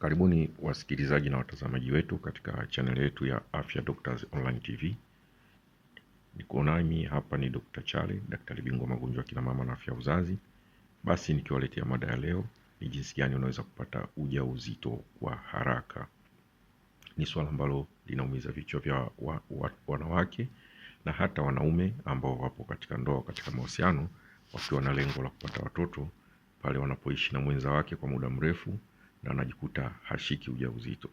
Karibuni wasikilizaji na watazamaji wetu katika chaneli yetu ya Afya Doctors Online TV. Niko nami hapa ni Dr. Chale, daktari bingwa magonjwa kina mama na afya uzazi. Basi nikiwaletea mada ya leo ni jinsi gani unaweza kupata ujauzito kwa haraka. Ni swala ambalo linaumiza vichwa vya wa, wa, wa, wanawake na hata wanaume ambao wapo katika ndoa, katika mahusiano wakiwa na lengo la kupata watoto pale wanapoishi na mwenza wake kwa muda mrefu na anajikuta hashiki ujauzito.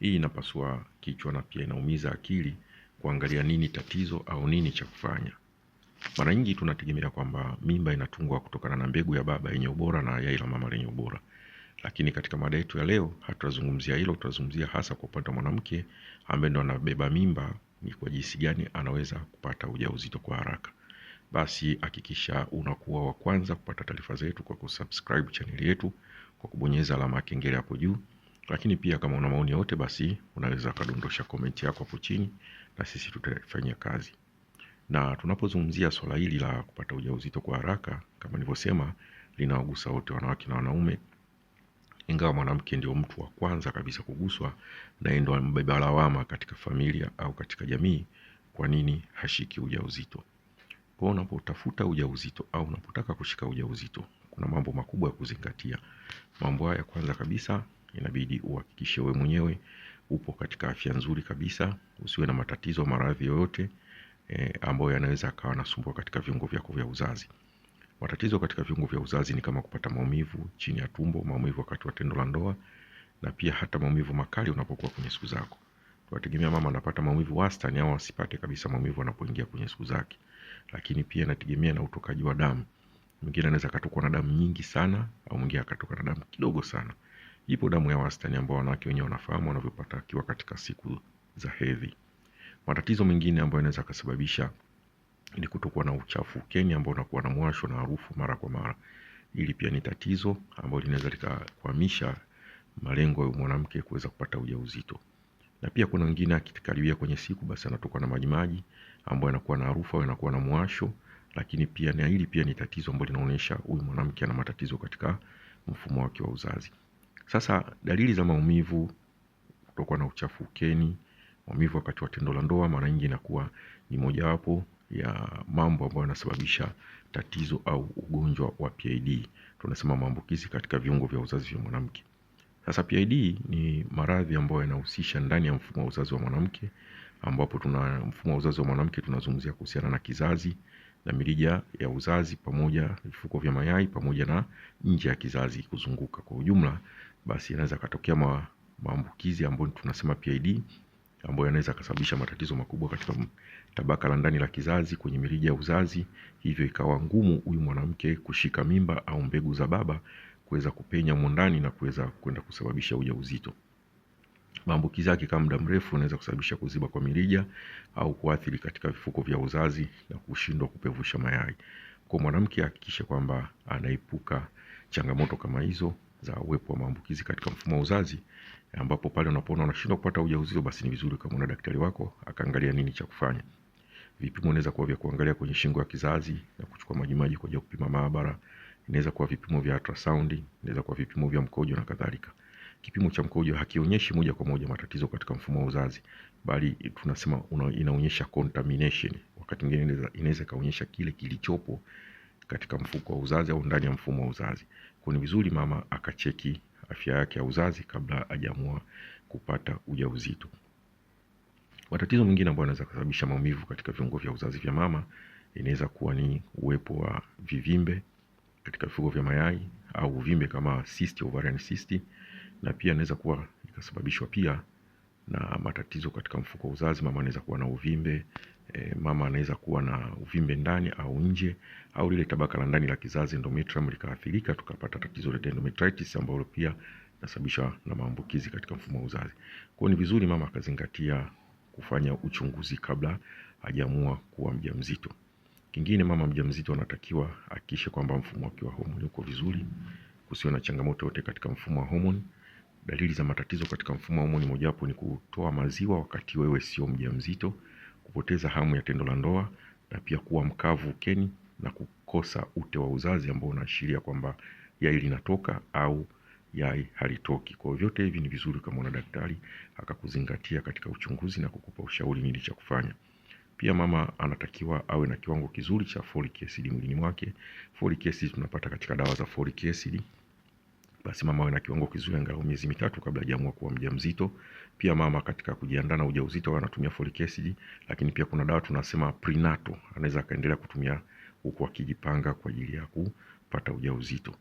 Hii inapasua kichwa na pia inaumiza akili kuangalia nini tatizo au nini cha kufanya. Mara nyingi tunategemea kwamba mimba inatungwa kutokana na mbegu ya baba yenye ubora na yai la mama lenye ubora, lakini katika mada yetu ya leo hatutazungumzia hilo. Tutazungumzia hasa kwa upande wa mwanamke ambaye ndo anabeba mimba, ni kwa jinsi gani anaweza kupata ujauzito kwa haraka. Basi hakikisha unakuwa wa kwanza kupata taarifa zetu kwa kusubscribe chaneli yetu kwa kubonyeza alama ya kengele hapo juu. Lakini pia kama una maoni yote, basi unaweza kadondosha komenti yako hapo chini na sisi tutafanyia kazi. Na tunapozungumzia swala hili la kupata ujauzito kwa haraka, kama nilivyosema, linawagusa wote, wanawake na wanaume, ingawa mwanamke ndio mtu wa kwanza kabisa kuguswa na yeye mbeba lawama katika familia au katika jamii, kwa nini hashiki ujauzito. Kwa unapotafuta ujauzito au unapotaka kushika ujauzito, kuna mambo makubwa ya kuzingatia. Mambo haya kwanza kabisa inabidi uhakikishe wewe mwenyewe upo katika afya nzuri kabisa, usiwe na matatizo maradhi yoyote e, ambayo yanaweza akawa nasumbua katika viungo vyako vya uzazi. Matatizo katika viungo vya uzazi ni kama kupata maumivu chini ya tumbo, maumivu wakati wa tendo la ndoa na pia hata maumivu makali unapokuwa kwenye siku zako. Tunategemea mama anapata maumivu wastani au asipate kabisa maumivu anapoingia kwenye siku zake. Lakini pia inategemea na utokaji wa damu mwingine anaweza akatokwa na damu nyingi sana au mwingine akatokwa na damu kidogo sana ipo damu ya wastani ambao wanawake wenyewe wanafahamu wanavyopata akiwa katika siku za hedhi matatizo mengine ambayo yanaweza kusababisha ni kutokuwa na uchafu ukeni ambao unakuwa na mwasho na harufu mara kwa mara ili pia ni tatizo ambalo linaweza likakwamisha malengo ya mwanamke kuweza kupata ujauzito na pia kuna wengine akikaribia kwenye siku basi anatokwa na majimaji ambayo yanakuwa na harufu au yanakuwa na mwasho lakini pia na hili pia ni tatizo ambalo linaonyesha huyu mwanamke ana matatizo katika mfumo wake wa uzazi. Sasa dalili za maumivu, kutokwa na uchafu ukeni, maumivu wakati wa tendo la ndoa mara nyingi inakuwa ni mojawapo ya mambo ambayo yanasababisha tatizo au ugonjwa wa PID. Tunasema maambukizi katika viungo vya uzazi vya mwanamke. Sasa PID ni maradhi ambayo yanahusisha ndani ya mfumo wa uzazi wa mwanamke ambapo tuna mfumo wa uzazi wa mwanamke tunazungumzia kuhusiana na kizazi na mirija ya uzazi pamoja vifuko vya mayai pamoja na nje ya kizazi kuzunguka. Kwa ujumla, basi inaweza katokea ma, maambukizi ambayo tunasema PID ambayo yanaweza kusababisha matatizo makubwa katika tabaka la ndani la kizazi kwenye mirija ya uzazi, hivyo ikawa ngumu huyu mwanamke kushika mimba au mbegu za baba kuweza kupenya humo ndani na kuweza kwenda kusababisha ujauzito. Maambukizi yake kama muda mrefu unaweza kusababisha kuziba kwa mirija au kuathiri katika vifuko vya uzazi na kushindwa kupevusha mayai. Kwa mwanamke ahakikishe kwamba anaepuka changamoto kama hizo za uwepo wa maambukizi katika mfumo wa uzazi ambapo pale unapoona unashindwa kupata ujauzito basi ni vizuri kama una daktari wako akaangalia nini cha kufanya. Vipimo inaweza kuwa vya kuangalia kwenye shingo ya kizazi na kuchukua majimaji kwa ajili ya kupima maabara. Inaweza kuwa vipimo vya ultrasound, inaweza kuwa vipimo vya mkojo na kadhalika. Kipimo cha mkojo hakionyeshi moja kwa moja matatizo katika mfumo wa uzazi, bali tunasema una, inaonyesha contamination. Wakati mwingine inaweza ikaonyesha kile kilichopo katika mfuko wa uzazi au ndani ya mfumo wa uzazi. Kwa ni vizuri mama akacheki afya yake ya uzazi kabla hajaamua kupata ujauzito. Matatizo mengine ambayo yanaweza kusababisha maumivu katika viungo vya uzazi vya mama inaweza kuwa ni uwepo wa vivimbe katika viungo vya mayai au uvimbe kama cyst, ovarian cyst na pia inaweza kuwa ikasababishwa pia na matatizo katika mfuko wa uzazi. Mama anaweza kuwa na uvimbe e, mama anaweza kuwa na uvimbe ndani au nje, au lile tabaka la ndani la kizazi endometrium likaathirika, tukapata tatizo la endometritis ambalo pia nasababishwa na maambukizi katika mfumo wa uzazi. Kwa hiyo ni vizuri mama akazingatia kufanya uchunguzi kabla hajaamua kuwa mjamzito. Kingine, mama mjamzito anatakiwa akishe kwamba mfumo wake wa homoni uko vizuri, kusiwe na changamoto yote katika mfumo wa homoni. Dalili za matatizo katika mfumo wa homoni mojawapo ni kutoa maziwa wakati wewe sio mjamzito, kupoteza hamu ya tendo la ndoa na pia kuwa mkavu ukeni na kukosa ute wa uzazi ambao unaashiria kwamba yai linatoka au yai halitoki. Kwa vyote hivi ni vizuri ukamwona daktari akakuzingatia katika uchunguzi na kukupa ushauri nini cha kufanya. Pia mama anatakiwa awe na kiwango kizuri cha folic acid mwilini mwake. Folic acid tunapata katika dawa za folic acid basi mama awe na kiwango kizuri angalau miezi mitatu kabla hajaamua kuwa mjamzito. Pia mama katika kujiandaa na ujauzito anatumia folic acid, lakini pia kuna dawa tunasema prenatal anaweza akaendelea kutumia huku akijipanga kwa ajili ya kupata ujauzito.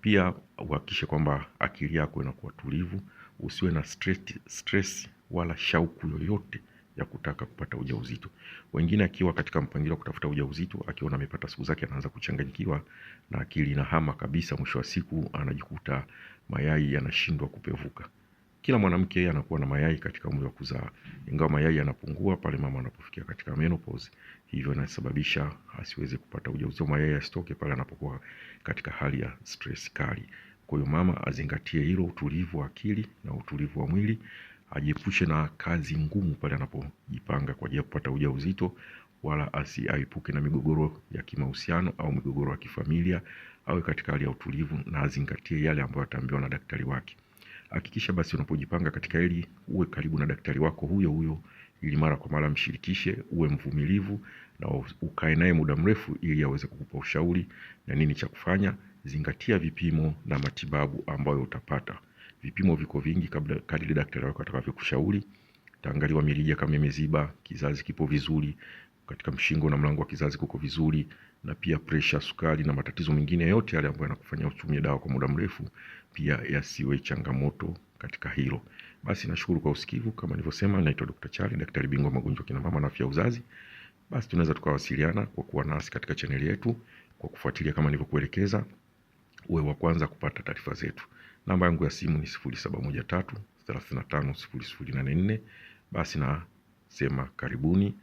Pia uhakikishe kwamba akili yako inakuwa tulivu, usiwe na stress, stress wala shauku yoyote ya kutaka kupata ujauzito. Wengine akiwa katika mpangilio wa kutafuta ujauzito, akiona amepata siku zake, anaanza kuchanganyikiwa na akili inahama kabisa, mwisho wa siku anajikuta mayai yanashindwa kupevuka. Kila mwanamke anakuwa na mayai katika umri wa kuzaa, ingawa mayai yanapungua pale mama anapofikia katika menopause, hivyo inasababisha asiweze kupata ujauzito, mayai yasitoke pale anapokuwa katika hali ya stress kali. Kwa hiyo mama azingatie hilo, utulivu wa akili na utulivu wa mwili ajiepushe na kazi ngumu pale anapojipanga kwa ajili ya kupata ujauzito wala asiaepuke na migogoro ya kimahusiano au migogoro ya kifamilia awe katika hali ya utulivu na azingatie yale ambayo ataambiwa na daktari wake hakikisha basi unapojipanga katika hili uwe karibu na daktari wako huyo huyo ili mara kwa mara mshirikishe uwe mvumilivu na ukae naye muda mrefu ili aweze kukupa ushauri na nini cha kufanya zingatia vipimo na matibabu ambayo utapata Vipimo viko vingi kabla kadri daktari wako atakavyokushauri. Taangaliwa mirija kama imeziba, kizazi kipo vizuri, katika mshingo na mlango wa kizazi kuko vizuri, na pia presha, sukari na matatizo mengine yote yale ambayo yanakufanya utumie dawa kwa muda mrefu pia yasiwe changamoto katika hilo. Basi nashukuru kwa usikivu. Kama nilivyosema, naitwa Dr. Chari, daktari bingwa magonjwa kina mama na afya uzazi. Basi tunaweza tukawasiliana kwa kuwa nasi katika chaneli yetu, kwa kufuatilia kama nilivyokuelekeza, uwe wa kwanza kupata taarifa zetu. Namba yangu ya simu ni sifuri saba moja tatu thelathini na tano sifuri sifuri nane nne. Basi nasema karibuni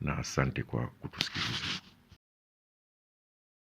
na asante kwa kutusikiliza.